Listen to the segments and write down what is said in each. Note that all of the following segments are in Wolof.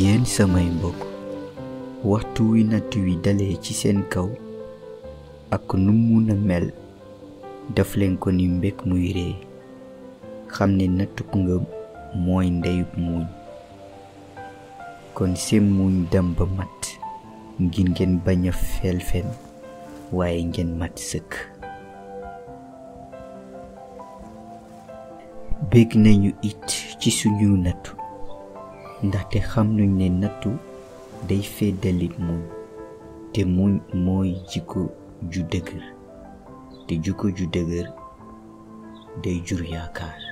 yéen samay mbokk waxtu wi natt wi dalee ci seen kaw ak nu mun a mel def leen ko ni mbég muy ree xam ne nattuk nga mooy ndeyub muuñ kon seen muuñ dem ba mat ngir ngeen bañ a felfen waaye ngeen mat sëkk bég nañu it ci suñu nattu ndaxte xam nañ ne nattu day feddalit muñ te muñ mooy jikko ju dëgër te jikko ju dëgër day jur yaakaar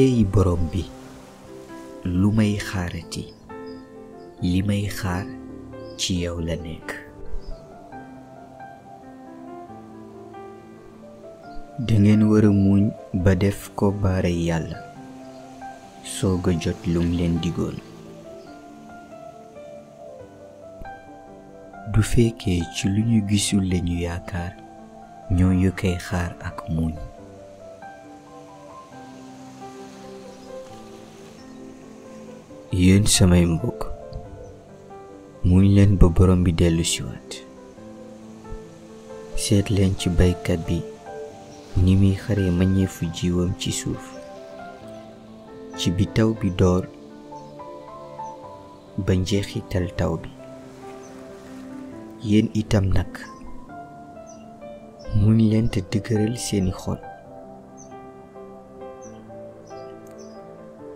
eey borom bi lu may xaarati li may xaar ci yow la nekk dangeen war a ba def ko baare yàlla soog a jot lum leen digoon du fekkee ci lu ñu gisul lañu yaakaar ñoo yu koy xaar ak muñ yéen samay mbokk muñ leen ba borom bi dellusi siwaat seet ci baykat bi ni muy xare maññeefu jiwam ci suuf ci bi taw bi door ba njeexital taw bi yéen itam nag muñ leen te dëgëral seeni xol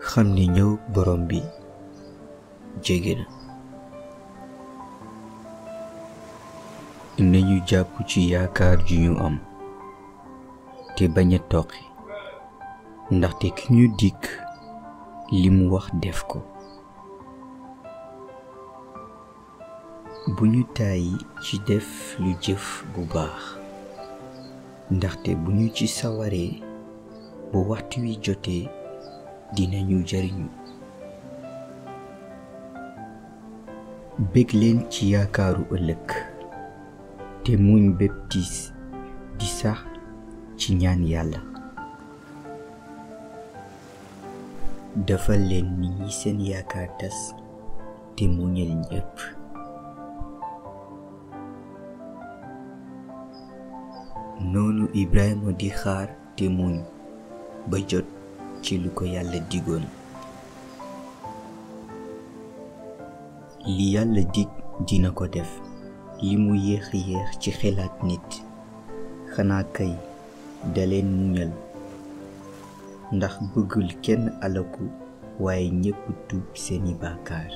xam ni ñëw borom bi jege na nañu jàpp ci yaakaar ju ñu am te bañ a toqi ndaxte ki ñu dikk li mu wax def ko bu ñu tàyyi ci def lu jëf bu baax ndaxte bu ñu ci sawaree bu waxtu wi jotee dinañu jariñu bég leen ci yaakaaru ëllëg te muñ bépp tiis di sax ci ñaan yàlla defal leen ni seen yaakaar tas te muñal ñépp noonu Ibrahima di xaar te muñ ba jot ci lu ko yàlla digoon li yàlla dig dina ko def li mu yéex yéex ci xelaat nit xanaa kay daleen muñal ndax bëggul kenn alaku waaye ñépp tuub seeni bàkkaar